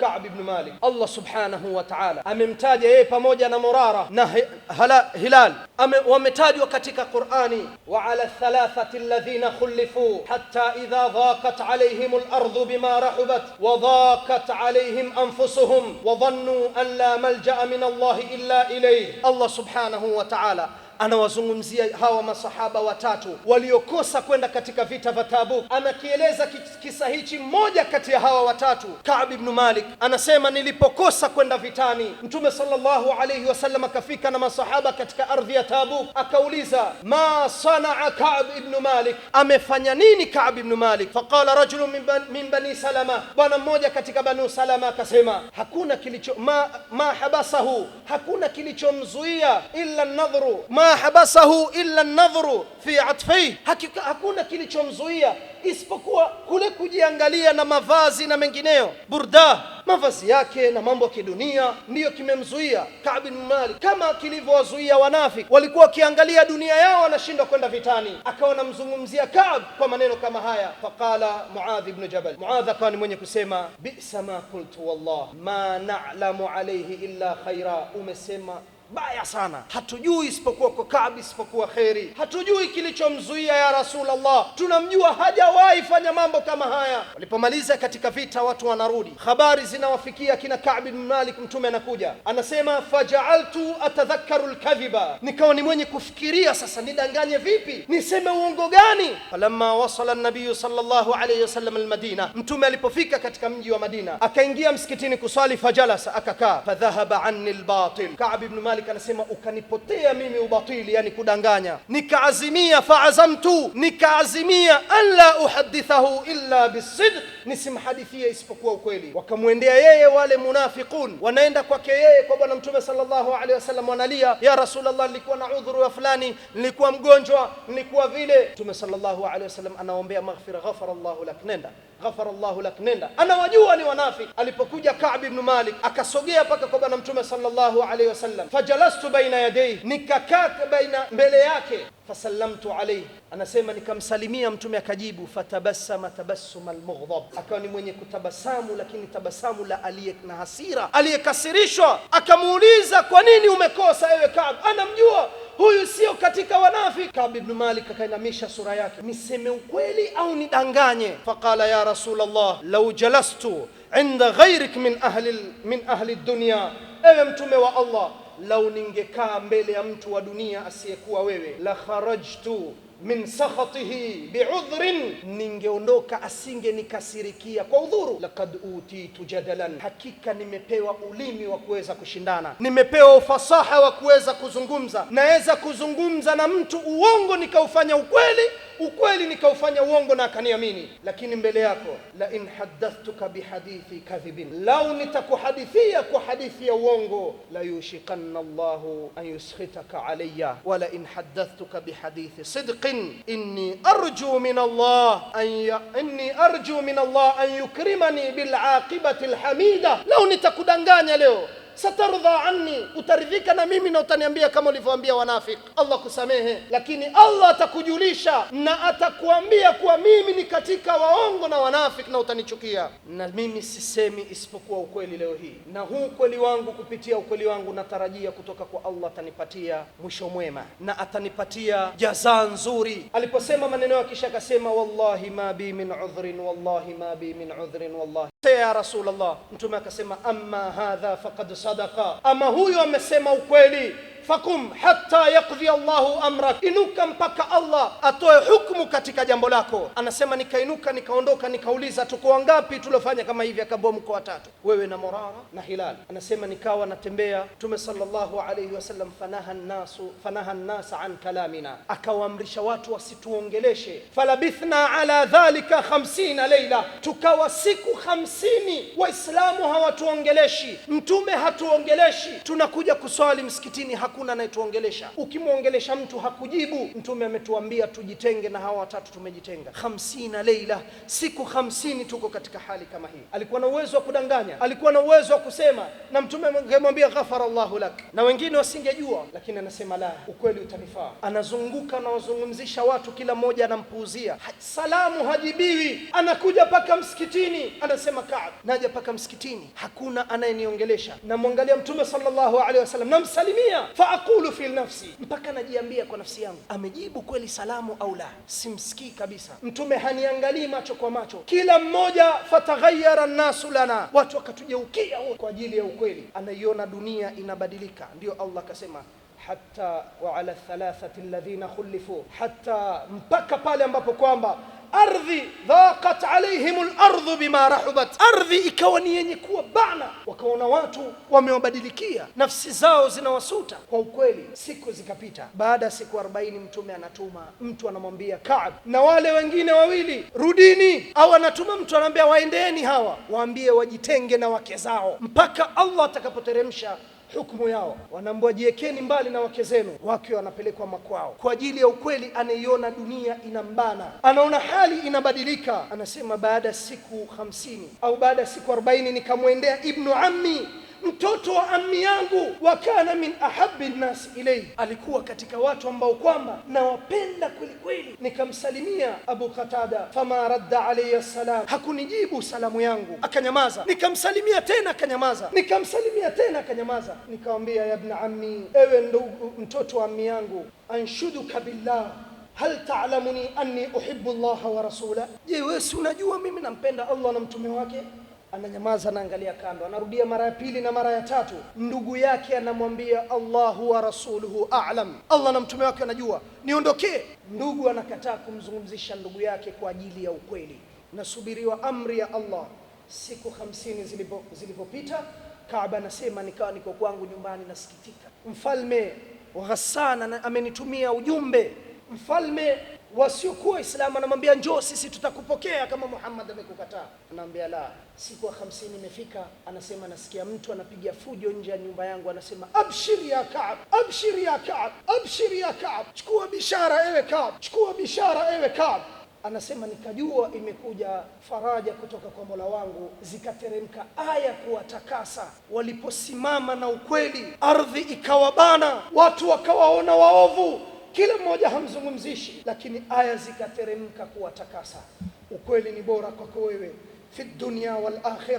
كعب بن مالك الله سبحانه وتعالى أممتاج إيه فموجة مرارة نهلا هلال أم ومتاج وكتك قرآني وعلى الثلاثة الذين خلفوا حتى إذا ضاقت عليهم الأرض بما رحبت وضاقت عليهم أنفسهم وظنوا أن لا ملجأ من الله إلا إليه الله سبحانه وتعالى anawazungumzia hawa masahaba watatu waliokosa kwenda katika vita vya Tabuk. Anakieleza kisa hichi, mmoja kati ya hawa watatu Ka'b ibn Malik anasema, nilipokosa kwenda vitani, Mtume sallallahu alayhi wasallam akafika na masahaba katika ardhi ya Tabuk, akauliza ma sanaa Ka'b ibn Malik, amefanya nini Ka'b ibn Malik? Faqala rajulun min, ban, min bani Salama, bwana mmoja katika Banu Salama akasema, hakuna kilicho ma, ma habasahu, hakuna kilichomzuia illa nadhru ma habasahu illa an-nadhru fi atfihi hakika hakuna kilichomzuia isipokuwa kule kujiangalia na mavazi na mengineyo. Burda, mavazi yake na mambo ya kidunia ndiyo kimemzuia Ka'b bin Malik, kama kilivyowazuia wanafiki walikuwa wakiangalia dunia yao wanashindwa kwenda vitani. Akawa anamzungumzia Ka'b kwa maneno kama haya, faqala Muadh ibn Jabal. Muadh akawa ni mwenye kusema bisa ma qultu, wallah ma na'lamu alayhi illa khaira, umesema baya sana, hatujui isipokuwa kwa kukab, isipokuwa kheri, hatujui kilichomzuia ya Rasulullah. Tunamjua hajawahi fanya mambo kama haya. Walipomaliza katika vita, watu wanarudi, habari zinawafikia kina kabi bin Malik. Mtume anakuja anasema, fajaaltu atadhakaru lkadhiba, nikawa ni mwenye kufikiria sasa, nidanganye vipi, niseme uongo gani? Falamma wasala nabiyu sallallahu alayhi wasallam almadina, Mtume alipofika katika mji wa Madina akaingia msikitini kusali, fajalasa, akakaa, fadhahaba anni lbatil. Ka'b bin Malik kadhalika anasema ukanipotea mimi ubatili, yani kudanganya. Nikaazimia faazamtu, nikaazimia alla uhadithahu illa bisidq, nisimhadithie isipokuwa ukweli. Wakamwendea yeye wale munafiqun, wanaenda kwake yeye kwa bwana Mtume sallallahu alaihi wasallam, wanalia ya Rasulullah, nilikuwa na udhuru ya fulani, nilikuwa mgonjwa, nilikuwa vile. Mtume sallallahu alaihi wasallam anaombea maghfira, ghafara Allahu lak, nenda ghafara Allahu lak, nenda. Anawajua ni wanafiki. Alipokuja Ka'b ibn Malik akasogea mpaka kwa bwana Mtume sallallahu alaihi wasallam jalastu baina yadayhi, nikakaa baina mbele yake. Fasallamtu alayhi, anasema nikamsalimia Mtume akajibu, fatabassama tabassuma almughdab, akawa ni mwenye kutabasamu, lakini tabasamu la aliye na hasira, aliyekasirishwa. Akamuuliza, kwa nini umekosa ewe Kaab? Anamjua huyu sio katika wanafiki. Kaab ibn Malik akainamisha sura yake, niseme ukweli au nidanganye? Faqala ya Rasulullah, lau jalastu inda ghairik min ahli min ahli dunya, ewe Mtume wa Allah lau ningekaa mbele ya mtu wa dunia asiyekuwa wewe, la kharajtu min sakhatihi biudhrin, ningeondoka asinge nikasirikia kwa udhuru. Laqad utitu jadalan, hakika nimepewa ulimi wa kuweza kushindana, nimepewa ufasaha wa kuweza kuzungumza. Naweza kuzungumza na mtu uongo nikaufanya ukweli ukweli nikaufanya uongo na akaniamini. Lakini mbele yako, la in haddathtuka bihadithi kadhibin, lau nitakuhadithia kwa hadithi ya uongo, la yushikanna Allahu an yuskhitaka alayya wa la in haddathtuka bihadithi sidqin inni arju min Allah an ya, inni arju min Allah an yukrimani bilaqibati alhamida. Lau nitakudanganya leo satarudha anni, utaridhika na mimi na utaniambia kama ulivyoambia wanafik Allah kusamehe, lakini Allah atakujulisha na atakuambia kuwa mimi ni katika waongo na wanafik na utanichukia. Na mimi sisemi isipokuwa ukweli leo hii, na huu ukweli wangu, kupitia ukweli wangu natarajia kutoka kwa Allah atanipatia mwisho mwema na atanipatia jazaa nzuri. Aliposema maneno yake kisha akasema, wallahi ma bi min udhrin, wallahi ma bi min udhrin, wallahi ya Rasulullah. Mtume akasema, amma hadha faqad sadaqa, ama huyo amesema ukweli fakum hatta yakdhi Allahu amrak, inuka mpaka Allah atoe hukumu katika jambo lako. Anasema nikainuka nikaondoka, nikauliza tuko wangapi tuliofanya kama hivi? akabwa mko watatu, wewe na Morara na Hilal. Anasema nikawa natembea Mtume sallallahu alayhi wasallam, fanaha nnasu fanaha nnasa an kalamina, akawaamrisha watu wasituongeleshe. Falabithna ala dhalika khamsina leila, tukawa siku hamsini Waislamu hawatuongeleshi, Mtume hatuongeleshi, tunakuja kuswali msikitini haku hakuna anayetuongelesha. Ukimwongelesha mtu hakujibu. Mtume ametuambia tujitenge na hawa watatu, tumejitenga. hamsina leila, siku hamsini tuko katika hali kama hii. Alikuwa na uwezo wa kudanganya, alikuwa na uwezo wa kusema, na mtume angemwambia ghafara llahu lak, na wengine wasingejua, lakini anasema la, ukweli utanifaa. Anazunguka anawazungumzisha watu, kila mmoja anampuuzia, salamu hajibiwi, anakuja mpaka msikitini, anasema Kaab, naja mpaka msikitini, hakuna anayeniongelesha. Namwangalia mtume sallallahu alaihi wasallam, namsalimia wa fi nafsi, mpaka najiambia kwa nafsi yangu, amejibu kweli salamu au la? Simsikii kabisa, mtume haniangalii macho kwa macho. Kila mmoja fataghayyara nnasu lana, watu wakatugeukia kwa ajili ya ukweli. Anaiona dunia inabadilika, ndio Allah akasema hata wa ala thalathati alladhina khulifu, hata mpaka pale ambapo kwamba ardhi dhaqat alaihim lardhu bima rahubat, ardhi ikawa ni yenye kuwa bana, wakaona watu wamewabadilikia, nafsi zao zinawasuta. Kwa ukweli, siku zikapita. Baada ya siku arobaini Mtume anatuma mtu anamwambia Kaab na wale wengine wawili, rudini. Au anatuma mtu anaambia, waendeni hawa, waambie wajitenge na wake zao mpaka Allah atakapoteremsha hukumu yao, wanaambiwa jiekeni mbali na wake zenu, wake wanapelekwa makwao. Kwa ajili ya ukweli, anaiona dunia inambana, anaona hali inabadilika, anasema baada ya siku hamsini au baada ya siku arobaini nikamwendea ibnu ammi mtoto wa ammi yangu, wa kana min ahabbi nnas ilaihi, alikuwa katika watu ambao kwamba nawapenda kweli kweli. Nikamsalimia Abu Qatada, fama radda alayya salam, hakunijibu salamu yangu, akanyamaza. Nikamsalimia tena akanyamaza, nikamsalimia tena akanyamaza. Nikamwambia ya ibn ammi, ewe ndugu mtoto wa ammi yangu, anshuduka billah hal ta'lamuni anni uhibbu llaha wa rasula, je, wewe si unajua mimi nampenda Allah na mtume wake? ananyamaza, anaangalia kando, anarudia mara ya pili na mara ya tatu. Ndugu yake anamwambia Allahu wa rasuluhu a'lam, Allah na mtume wake anajua, niondokee. Ndugu anakataa kumzungumzisha ndugu yake kwa ajili ya ukweli. Nasubiriwa amri ya Allah. Siku hamsini zilivyopita Kaaba anasema nikawa niko kwangu nyumbani, nasikitika. Mfalme wa Ghassan amenitumia ujumbe, mfalme wasiokuwa Waislamu, anamwambia njoo, sisi tutakupokea kama Muhammad amekukataa. Anaambia la, siku ya hamsini imefika. Anasema nasikia mtu anapiga fujo nje ya nyumba yangu, anasema abshir ya Kaab, abshir ya Kaab, abshir ya Kaab, chukua bishara ewe Kaab, chukua bishara ewe Kaab. Anasema nikajua imekuja faraja kutoka kwa Mola wangu, zikateremka aya kuwatakasa. Waliposimama na ukweli, ardhi ikawabana, watu wakawaona waovu kila mmoja hamzungumzishi, lakini aya zikateremka kuwatakasa. Ukweli ni bora kwako wewe, fi dunya wal akhirah